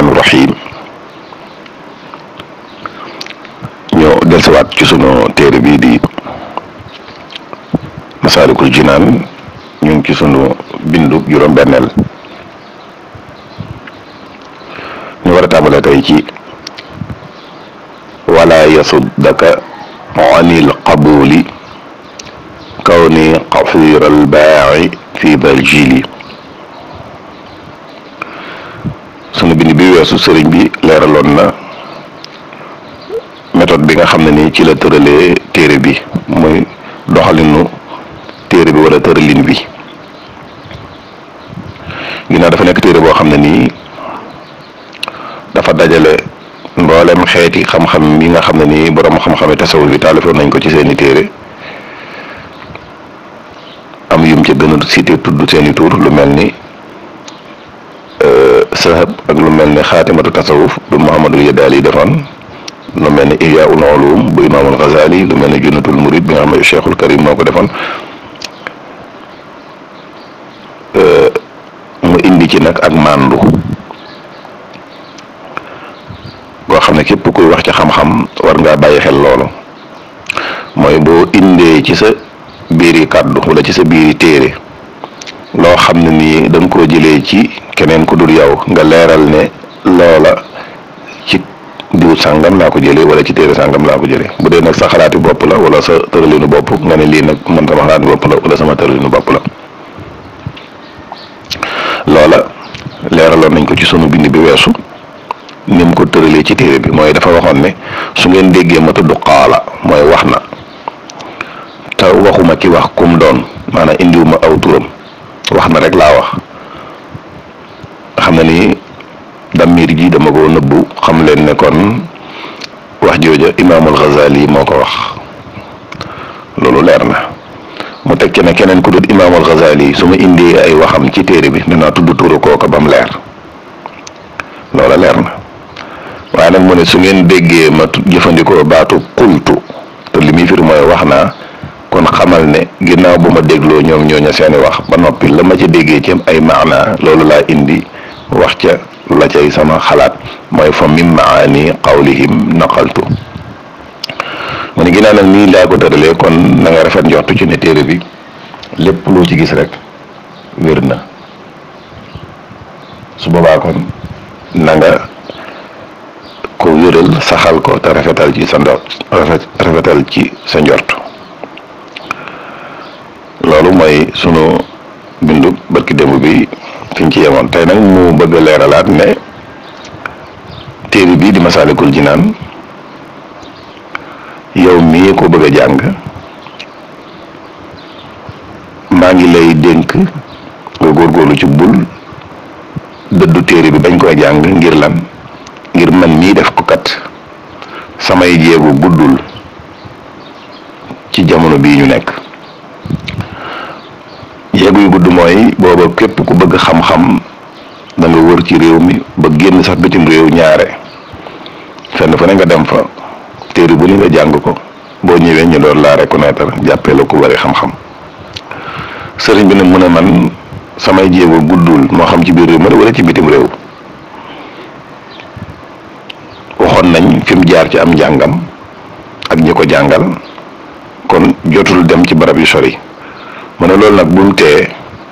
rahmaani rahim ñoo dellusiwaat ci sunu téere bii di masaalikul jinaan ñu ngi ci sunu bindu juróom-benneel ñu war a tàmbale ci wala yasuddaka anil qabuli kawni qafiral baa'i fi baljili sama bind bi weesu sëriñ bi leeraloon na méthode bi nga xam ne nii ci la tëralee téere bi mooy doxalinu téere bi wala tëralin bi ginnaaw dafa nekk téere boo xam ne nii dafa dajale mboolem xeeti xam-xam yi nga xam ne nii borom xam-xame tasawuf bi taalifoon nañ ko ci seeni téere am yum ca gën a cité tudd seeni tur lu mel ni sahab ak lu mel ni xaatimatu tasawuf bu Muhammadul Yadaali yi defoon lu mel ni Ihya ul Ulum bu Imaamul Ghazali lu mel ni Junnatul Murid bi nga xam ne Cheikhul Karim moo ko defoon ci nag ak boo xam ne képp koy wax ci xam-xam war bàyyi xel loolu mooy boo indee ci sa biiri kàddu wala ci sa biiri téere loo xam ne nii dang ko jëlé ci kenen ko dur yaw nga léral ne lola, ci du sangam la ko jëlee wala ci téré sangam la ko jëlee bu dee sa xalaati bop la wala sa tëralinu bop nga né li nak man sama xalaati bop la wala sama tëralinu bop la loola léral nañ ko ci sunu bind bi wessu nim ko tëralee ci téere bi moy dafa ne su ngeen déggee ma tuddu qala moy waxna ta waxuma ki wax kum don mana indiwuma aw turam waxna rek la wax xam na ni dam dammiir gi dama ko nëbbu xam leen ne kon wax jooja imaamul Ghazali moo ko wax loolu leer na mu teg ci keneen ku dul imaamul Ghazali su ma indee ay waxam ci téere bi danaa tudd tuuru kooka ba mu leer loola leer na waaye nag mu ne su ngeen déggee ma jëfandikoo baatu kultu te li muy firi mooy wax naa kon xamal ne ginnaaw bu ma dégloo ñoom ñooña seeni wax ba noppi la ma ca déggee ci ay maana loolu laa indi wax ca la cay sama xalaat mooy fa min maani qawlihim naqaltu mu ne ginnaaw nag nii laa ko tëralee kon na nga rafet njortu ci ne téere bi lépp loo ci gis rek wér na su boobaa kon na ko wéral saxal ko te rafetal ci sa ndor ci sa njort loolu mooy sunu bindu barki demu bi fiñ ci yewon tay nak mu bëgg léralat ne téré bi di masalikul jinan yow mi ko bëgg jang ma ngi lay dénk nga góorgóorlu ci bul deddu téré bi bañ koy jang ngir lan ngir man mii def ko kat samay guddul ci jamono bi ñu nekk cag gudd mooy booba képp ku bëgg xam-xam da wër ci réew mi ba génn sax bitim réew ñaare fenn fa ne nga dem fa téere bu ni nga jàng ko boo ñëwee ñu door laa reconnaître jàppee la ku bari xam-xam sëriñ bi nag mën a man samay jéego guddul moo xam ci biir réew mi wala ci bitim réew waxoon nañ fi jaar ci am njàngam ak ñi ko jàngal kon jotul dem ci barab yu sori mu ne loolu nag bu mu tee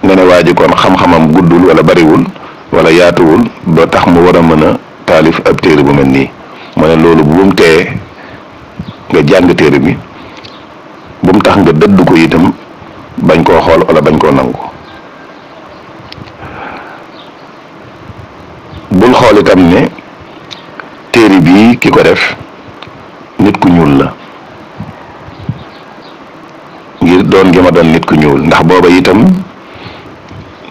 nga ne waa ji kon xam-xamam guddul wala bariwul wala yaatuwul ba tax mu war a mën a taalif ab téere bu mel nii mu ne loolu bu mu tee nga jàng téere bi bu mu tax nga dëdd ko itam bañ koo xool wala bañ koo nangu bul xool itam ne téere bii ki ko def nit ku ñuul la doon gi ma doon nit ku ñuul ndax booba itam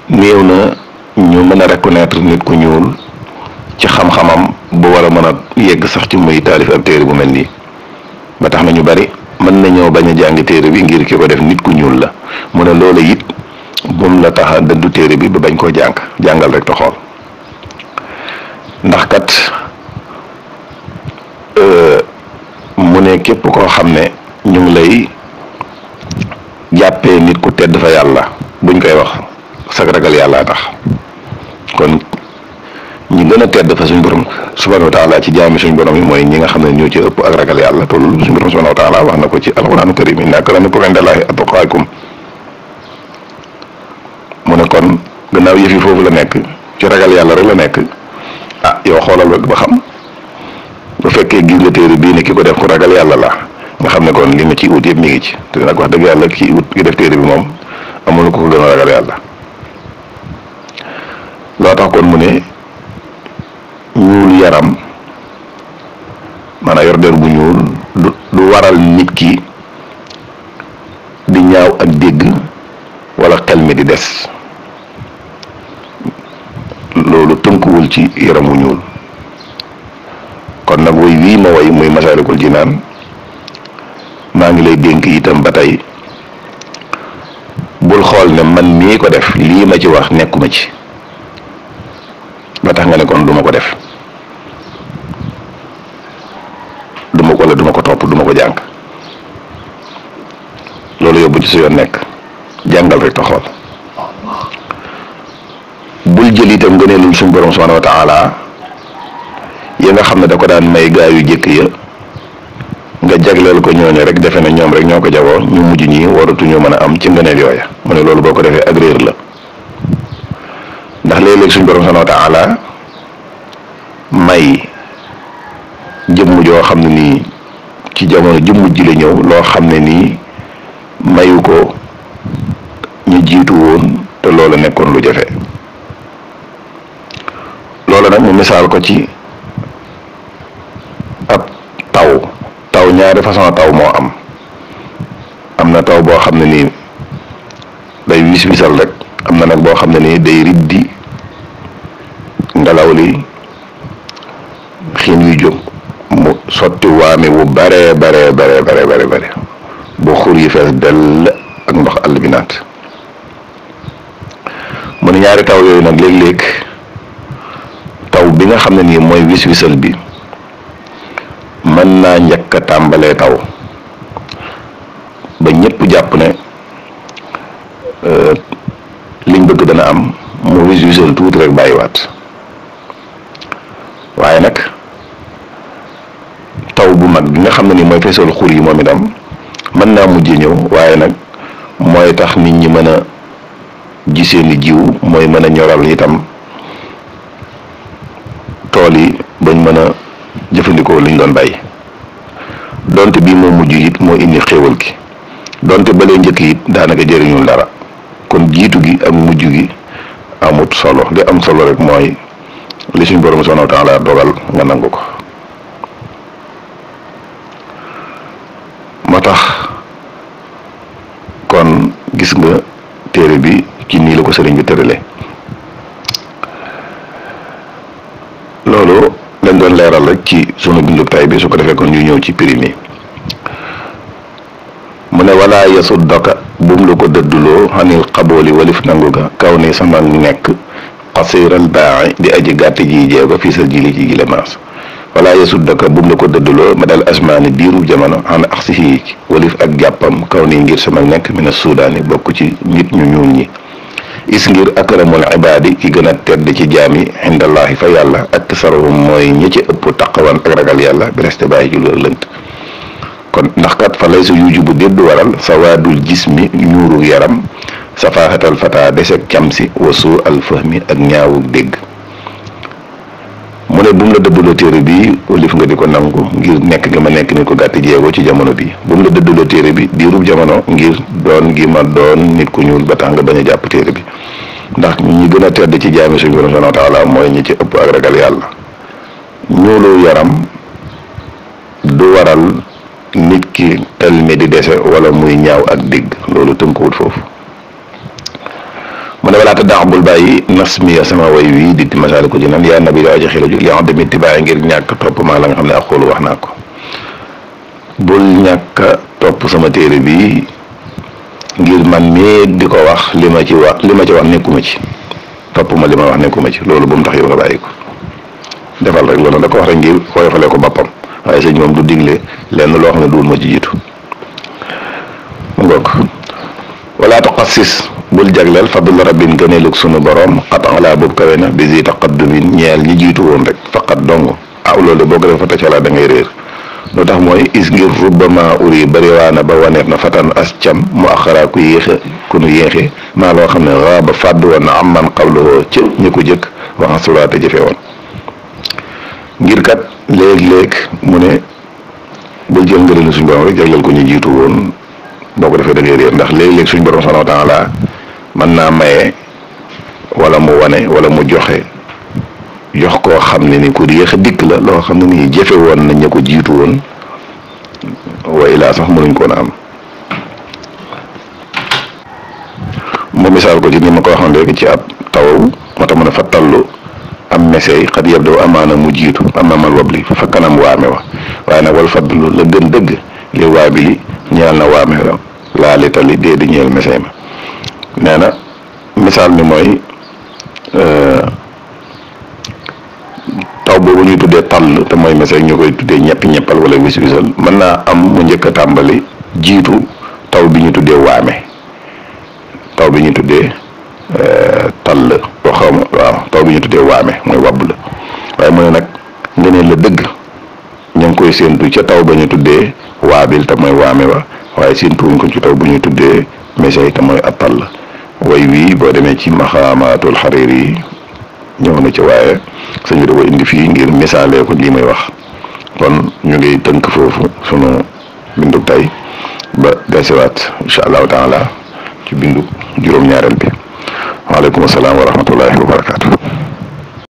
néew na ñu mën a reconnaître nit ku ñuul ci xam-xamam bu war a mën a yegg sax ci muy taalif ab téere bu mel nii ba tax na ñu bari mën nañoo bañ a jàng téere bi ngir ki ko def nit ku ñuul la mu ne loola it bum la tax dëddu téere bi ba bañ koo jàng jàngal rek te xool ndax kat euh, mu ne képp koo xam ne ñu lay nga yàlla buñ koy wax sag ragal yàlla tax kon ñi gën a tedd fa suñ borom subhanahu wa taala ci jaami suñ borom yi mooy ñi nga xam ne ñoo ci ëpp ak ragal yàlla te loolu suñ borom subhanahu wa taala wax na ko ci alquranu karim inna akramakum indallahi atqaakum mu kon gannaaw yëf yi la nekk ci ragal yàlla rek la nekk ah yow xoolal rek ba xam bu fekkee gis nga téere bii ne ki ko def ko ragal yàlla la nga xam ne kon li ma ciy ut yëpp mi ngi ci te nag wax dëgg yàlla ki ut ki def téere bi moom amul ko ko gën a ragal yàlla loo tax kon mu ne ñuul yaram maanaam yor der bu ñuul du waral nit ki di ñaaw ak dégg wala xel mi di des loolu tënkuwul ci yaram wu ñuul kon nag woy wii ma woy muy masaalikul jinaan maa ngi lay dénk itam ba tey bul xol ne man mi ko def li ma ci wax nekuma ci ba tax nga ne kon duma ko def duma ko la duma ko top duma ko jang loolu yóbbu ci su nek jangal rek te bul jeli tam nga lu sun borom subhanahu wa taala ya nga xamne da ko daan may gaay yu jek ya nga jaglel ko ñooñu rek defena ñom rek ñoko jabo ñu mujj ni waratu ñu mëna am ci ngeneel yoyaa mu ne loolu boo ko defee ak la ndax léeg-léeg suñ borom subhaanahu wa taala may jëmm joo xam ne nii ci jamono jëmm ji la ñëw loo xam ne nii mayu ko ñu jiitu woon te loola nekkoon lu jafe loola nag mu misaal ko ci ab taw taw ñaari façon taw moo am am na taw boo xam ne nii wis-wisal rek am na nag boo xam ne ni day riddi ngelaw li xiin yu jóg mu sotti waame wu bare bare bare bare bare bare boo xur yi fees dell ak ndox àll bi naat ñaari taw yooyu nag léeg-léeg taw bi nga xam ne nii mooy wis-wisal bi mën naa njëkk tàmbalee taw ba ñëpp jàpp ne Euh, liñ bëgg dana am mu visualiser tuuti rek bàyyiwaat waaye nag taw bu mag bi nga xam ne ni mooy feesal xur yi moom itam mën naa mujjee ñëw waaye nag mooy tax nit ñi mën a ji seeni jiw mooy mën a ñoral itam tool yi bañ mën a jëfandikoo liñ doon bàyyi doonte bii moo mujj it moo indi xéewal gi donte balee njëkk it daanaka jëriñul dara kon jiitu gi ak mujj gi amut solo li am solo rek mooy li suñ borom subhanahu wa taala dogal nga nangu ko moo tax kon gis nga téere bi ci nii la ko sëriñ bi tërale loolu lañ doon leeral rek ci sunu bindub tay bi su ko defee kon ñu ñëw ci prix mi mu ne wala yasuddaka bum la ko dëdduloo xanil xabooli walif nangu ga kaw ni sama nekk xasiral baaxi di aji gàtt ji jeego fii sa jili ci gile maas wala yasuddaka bum la ko dëdduloo ma dal asmaani diirub jamono xan ax si xii walif ak jàppam kaw nii ngir sama nekk mina suudaani bokk ci nit ñu ñuul ñi is ngir akramul ibaadi ki gën a tedd ci jaam yi indallaahi fa yàlla ak sarohum mooy ñi ci ëpp taqawan ak ragal yàlla bi reste bàyyi ci loolu lënt kon ndax kat fa laysa yujubu dédd waral sawadul jismi nuru yaram safahatal fata desek camsi wa suu al fahmi ak ñaawu deg mune ne bu mu la dëddaloo tere bi olif nga diko nangu ngir nek gi ma nek ni ko gatti jeego ci jamono bi bu mu la dëddaloo tere bi rub jamono ngir don gi ma don nit ku ñuul ba nga baña japp tere bi ndax ñi gëna tedd ci jami suñu borom subhanahu wa ta'ala moy ñi ci ëpp ak ragal yalla ñuuloo yaram du waral nit ki me di dese wala muy ñaaw ak digg loolu tënkuwut foofu mu ne walaata bayyi nasmi nasmiya sama way wi di masal ko jinan ya nabi ya ci xila ya yaa dem ittibaay ngir ñak top ma la nga akul wax ko bul ñak top sama téere bi ngir man mii di ko wax lima ci wax lima ci wax nekuma ci top ma lima wax nekuma ci lolu bu mu tax yow nga bayiko defal rek lolu da ko wax rek ngir xoyofalee ko waaye sëñ moom du digle lenn loo xam ne duul ma ci jiitu mu ngoog wala tuqassis bul jagleel fadlu rabbin gëneelug sunu borom xatan laa boobu kawe na bi si taqaddumin ñeel ñi jiitu woon rek faqat dong aw loolu boo ko defee fa tacala da réer lu tax mooy is ngir rubbama uri bariwaana ba waneef na fatan as cam mu axaraa ku yéexe ku nu yéexe maa loo xam ne raaba fàdd woon na am man xawluhoo ci ñu ko jëkk waxan suraate jëfe woon ngir kat léeg-léeg mu ne bul jël ngërëlu suñu borom rek jagleel ko ñu jiitu woon boo ko defee da ngay réer ndax léeg-léeg suñu borom subhaanahu wa taala mën naa maye walla mu wane wala mu joxe jox ko xam ne ni ku yéex a dikk la loo xam ne nii jëfe woon nañ ña ko jiitu woon wa ilaa sax mënuñ ko woon a am. mu misaal ko ci ni ma ko waxoon léegi ci ab taw moo tax mu ne fa mesey xad yab daw mu jiitu amamal wabli kanam waame wa waaye nag wal fadlu la gën dëgg li waabi li ñeel na waame laa li tali dee di ñeel mesey ma nee na misaal mi mooy euh, taw boobu ñu tuddee tàll te mooy mesey ñu koy tuddee ñeppi ñeppal wala wis wisal mën naa am mu njëkk tàmbali jiitu taw bi ñu tuddee waame taw bi ñu tuddee euh, tàll taw bi ñu tuddee waame mooy wabb la waaye mu nag ngeneen la dëgg ñu ngi koy séentu ca taw ba ñu tuddee waabil te mooy waame wa waaye séentuwuñ ko ci bu ñu tuddee mesey mooy appal la way wii boo demee ci maxaamaatul xariir yi ñëw na ci waaye sëñ bi da ko indi fii ngir misaalee ko lii may wax kon ñu ngi tënk foofu sunu bindu tay ba desewaat incha allahu taala ci bindu juróom-ñaareel bi waaleykum salaam wa rahmatullahi wa barakaatu.